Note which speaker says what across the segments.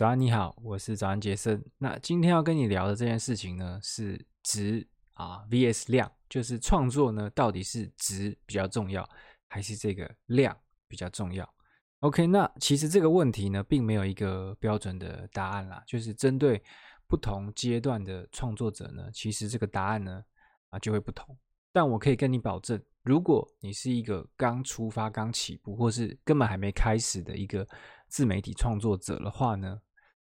Speaker 1: 早安，你好，我是早安杰森。那今天要跟你聊的這件事情呢，是質啊 vs 量，就是創作呢，到底是質比較重要，還是這個量比較重要？OK，那其實這個問題呢，並沒有一個標準的答案啦。就是針對不同階段的創作者呢，其實這個答案呢，啊，就會不同。但我可以跟你保證，如果你是一個剛出發、剛起步，或是根本還沒開始的一個自媒體創作者的話呢，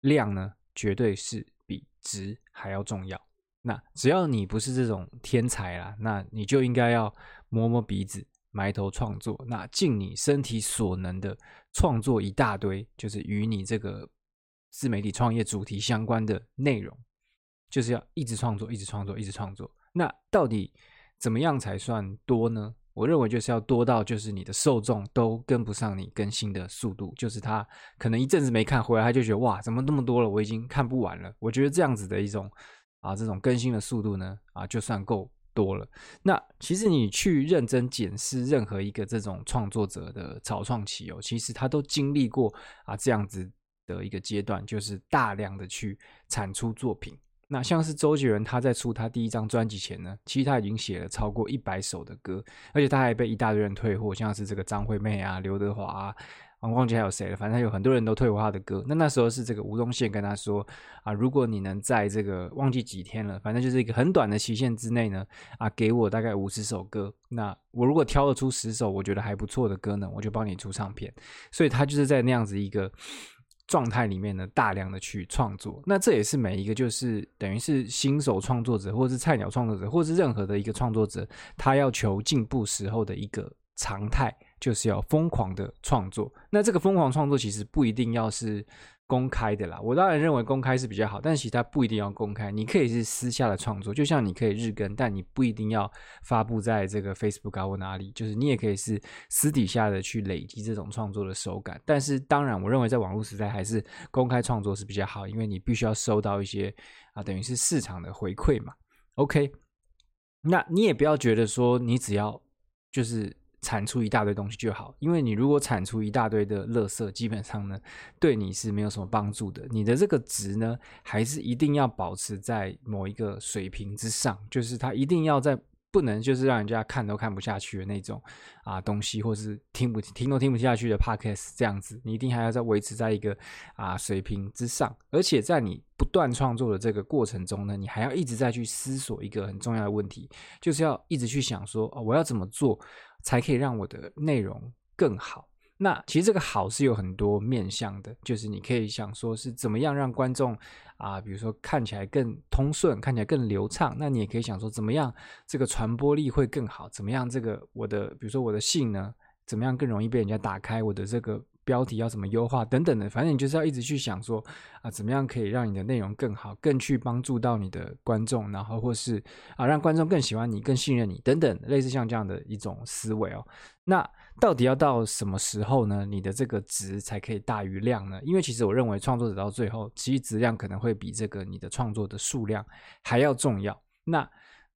Speaker 1: 量呢，絕對是比質還要重要。那只要你不是這種天才啦，那你就應該要摸摸鼻子，埋頭創作，那盡你身體所能的創作一大堆，就是與你這個自媒體創業主題相關的內容，就是要一直創作，一直創作，一直創作。那到底怎麼樣才算多呢？我認為就是要多到就是你的受眾都跟不上你更新的速度，就是他可能一陣子沒看，回來他就覺得哇，怎麼那麼多了，我已經看不完了。我覺得這樣子的一種啊，這種更新的速度呢，啊，就算夠多了。那其實你去認真檢視任何一個這種創作者的草創期哦，其實他都經歷過啊這樣子的一個階段，就是大量的去產出作品。那像是周杰倫，他在出他第一張專輯前呢，其實他已經寫了超過一百首的歌，而且他還被一大堆人退貨，像是這個張惠妹啊、劉德華啊，我忘記還有誰了，反正有很多人都退貨他的歌。那那時候是這個吳宗憲跟他說啊，如果你能在這個忘記幾天了，反正就是一個很短的期限之內呢，啊，給我大概五十首歌，那我如果挑得出十首我覺得還不錯的歌呢，我就幫你出唱片。所以他就是在那樣子一個。狀態裡面呢，大量的去創作，那這也是每一個就是等於是新手創作者，或者是菜鳥創作者，或者是任何的一個創作者，他要求進步時候的一個常態。就是要瘋狂的創作，那這個瘋狂創作其實不一定要是公開的啦。我當然認為公開是比較好，但是其他不一定要公開，你可以是私下的創作，就像你可以日更，但你不一定要發布在這個 Facebook 啊或哪裡，就是你也可以是私底下的去累積這種創作的手感。但是當然，我認為在網絡時代還是公開創作是比較好，因為你必須要收到一些啊，等於是市場的回饋嘛。OK，那你也不要覺得說你只要就是。產出一大堆東西就好，因為你如果產出一大堆的垃圾，基本上呢，對你是沒有什麼幫助的。你的這個質呢，還是一定要保持在某一個水平之上，就是它一定要在不能就是讓人家看都看不下去的那種啊，東西，或是聽不聽都聽不下去的 podcast 這樣子，你一定還要再維持在一個啊水平之上。而且在你不斷創作的這個過程中呢，你還要一直在去思索一個很重要的問題，就是要一直去想說，哦，我要怎麼做？才可以讓我的內容更好。那其實這個好是有很多面向的，就是你可以想說是怎麼樣讓觀眾啊、呃，比如說看起來更通順，看起來更流暢。那你也可以想說怎麼樣這個傳播力會更好，怎麼樣這個我的比如說我的信呢，怎麼樣更容易被人家打開我的這個。標題要怎麼優化等等的，反正你就是要一直去想說啊，怎麼樣可以讓你的內容更好，更去幫助到你的觀眾，然後或是啊，讓觀眾更喜歡你、更信任你等等，類似像這樣的一種思維哦。那到底要到什麼時候呢？你的這個質才可以大於量呢？因為其實我認為創作者到最後，其實質量可能會比這個你的創作的數量還要重要。那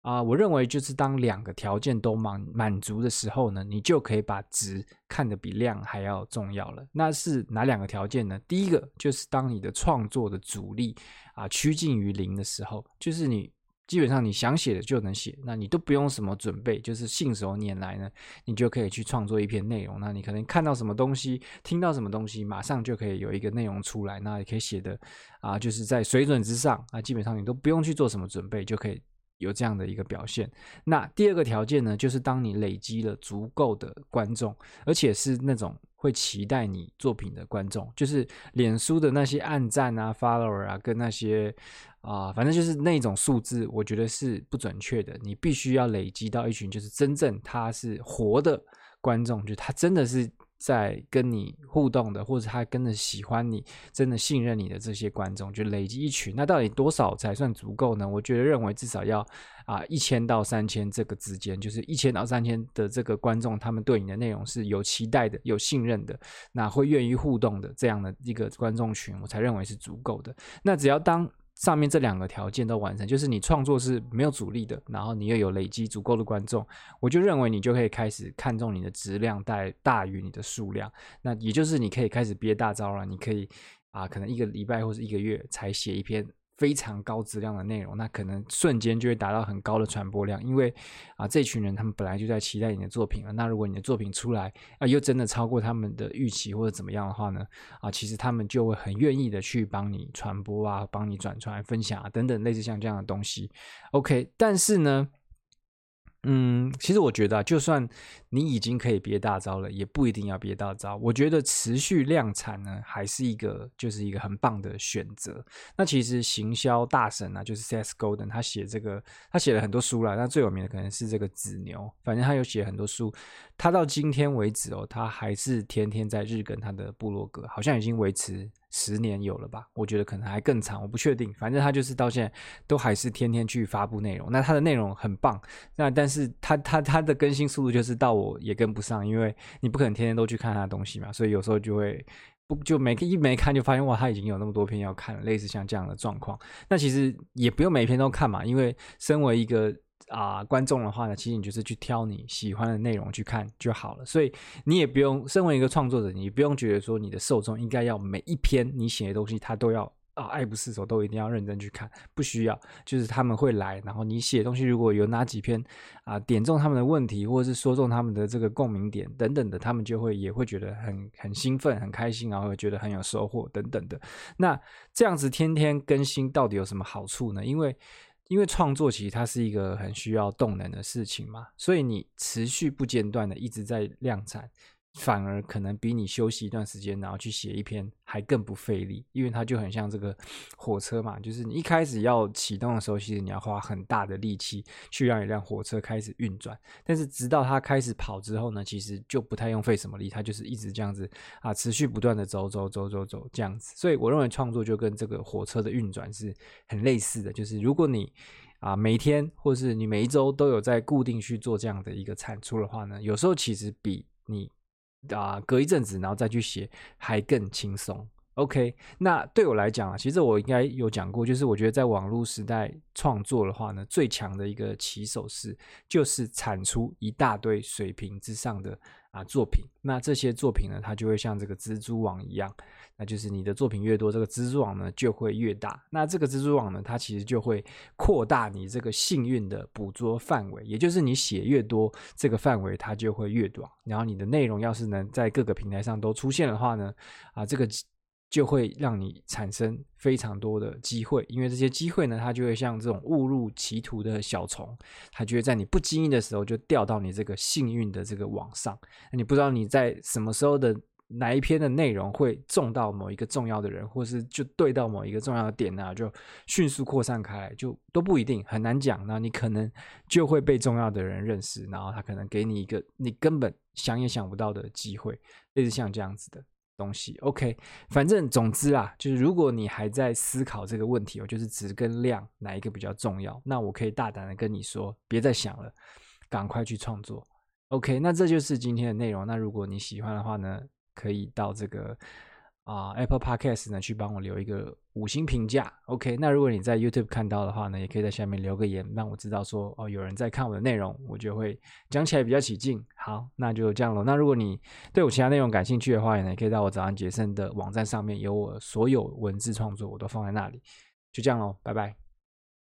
Speaker 1: 啊，我認為就是當兩個條件都滿滿足的時候呢，你就可以把質看得比量還要重要了。那是哪兩個條件呢？第一個就是當你的創作的阻力啊趨近於零的時候，就是你基本上你想寫的就能寫，那你都不用什麼準備，就是信手拈來呢，你就可以去創作一篇內容。那你可能看到什麼東西，聽到什麼東西，馬上就可以有一個內容出來，那你可以寫的啊，就是在水準之上啊，那基本上你都不用去做什麼準備就可以，有這樣的一個表現，那第二個條件呢，就是當你累積了足夠的觀眾，而且是那種會期待你作品的觀眾，就是臉書的那些按讚啊、follower 啊，跟那些啊、呃，反正就是那種數字，我覺得是不準確的。你必須要累積到一群，就是真正他是活的觀眾，就是、他真的是。在跟你互動的，或者他真的喜歡你、真的信任你的這些觀眾，就累積一群，那到底多少才算足夠呢？我覺得認為至少要啊一千到三千這個之間，就是一千到三千的這個觀眾，他們對你的內容是有期待的、有信任的，那會願意互動的這樣的一個觀眾群，我才認為是足夠的。那只要當。上面這兩個條件都完成，就是你創作是沒有阻力的，然後你又有累積足夠的觀眾，我就認為你就可以開始看重你的質量大大於你的數量，那也就是你可以開始憋大招了，你可以啊，可能一個禮拜或是一個月才寫一篇。非常高質量的內容，那可能瞬間就會達到很高的傳播量，因為啊，這群人他們本來就在期待你的作品了。那如果你的作品出來啊，又真的超過他們的預期或者怎麼樣的話呢？啊，其實他們就會很願意的去幫你傳播啊，幫你轉傳、分享啊等等類似像這樣的東西。OK，但是呢。嗯，其實我覺得啊，就算你已經可以憋大招了，也不一定要憋大招。我覺得持續量產呢，還是一個就是一個很棒的選擇。那其實行銷大神啊，就是 Seth Godin，他寫這個，他寫了很多書了。那最有名的可能是這個紫牛，反正他有寫很多書。他到今天為止哦，他還是天天在日更他的部落格，好像已經維持。十年有了吧，我覺得可能還更長，我不確定。反正他就是到現在都還是天天去發布內容。那他的內容很棒，那但是他他他的更新速度就是到我也跟不上，因為你不可能天天都去看他的東西嘛。所以有時候就會不，就每一沒看就發現哇，他已經有那麼多篇要看，類似像這樣的狀況。那其實也不用每一篇都看嘛，因為身為一個。啊、呃，觀眾的話呢，其實你就是去挑你喜歡的內容去看就好了，所以你也不用身為一個創作者，你不用覺得說你的受眾應該要每一篇你寫的東西他都要啊、呃、愛不釋手，都一定要認真去看，不需要。就是他們會來，然後你寫的東西如果有哪幾篇啊、呃、點中他們的問題，或者是說中他們的這個共鳴點等等的，他們就會也會覺得很很興奮、很開心，然後會覺得很有收穫等等的。那這樣子天天更新到底有什麼好處呢？因為因為創作其實它是一個很需要動能的事情嘛，所以你持續不間斷的一直在量產。反而可能比你休息一段時間，然後去寫一篇還更不費力，因為它就很像這個火車嘛，就是你一開始要啟動的時候，其實你要花很大的力氣去讓一輛火車開始運轉，但是直到它開始跑之後呢，其實就不太用費什麼力，它就是一直這樣子啊，持續不斷地走走走走走走這樣子。所以我認為創作就跟這個火車的運轉是很類似的，就是如果你啊每天或是你每一週都有在固定去做這樣的一個產出的話呢，有時候其實比你啊，隔一陣子然後再去寫還更輕鬆。OK，那對我來講啊，其實我應該有講過，就是我覺得在網絡時代創作的話呢，最強的一個起手式就是產出一大堆水平之上的。啊，作品，那這些作品呢，它就會像這個蜘蛛網一樣，那就是你的作品越多，這個蜘蛛網呢就會越大。那這個蜘蛛網呢，它其實就會擴大你這個幸運的捕捉範圍，也就是你寫越多，這個範圍它就會越廣。然後你的內容要是能在各個平台上都出現的話呢，啊，這個。就會讓你產生非常多的機會，因為這些機會呢，它就會像這種誤入歧途的小蟲，它就會在你不經意的時候就掉到你這個幸運的這個網上。你不知道你在什麼時候的哪一篇的內容會中到某一個重要的人，或是就對到某一個重要的點呢、啊，就迅速擴散開來，就都不一定，很難講。那你可能就會被重要的人認識，然後他可能給你一個你根本想也想不到的機會，類似像這樣子的。東西，OK，反正總之啦、啊，就是如果你還在思考這個問題、哦，我就是質跟量哪一個比較重要，那我可以大膽的跟你說，別再想了，趕快去創作，OK，那這就是今天的內容。那如果你喜歡的話呢，可以到這個。啊、uh，Apple Podcast 呢，去幫我留一個五星評價，OK。那如果你在 YouTube 看到的話呢，也可以在下面留個言，讓我知道說哦，有人在看我的內容，我就會講起來比較起勁。好，那就這樣咯。那如果你對我其他內容感興趣的話呢，話也可以到我早安傑森的網站上面，有我所有文字創作，我都放在那裡。就這樣嘍，拜拜。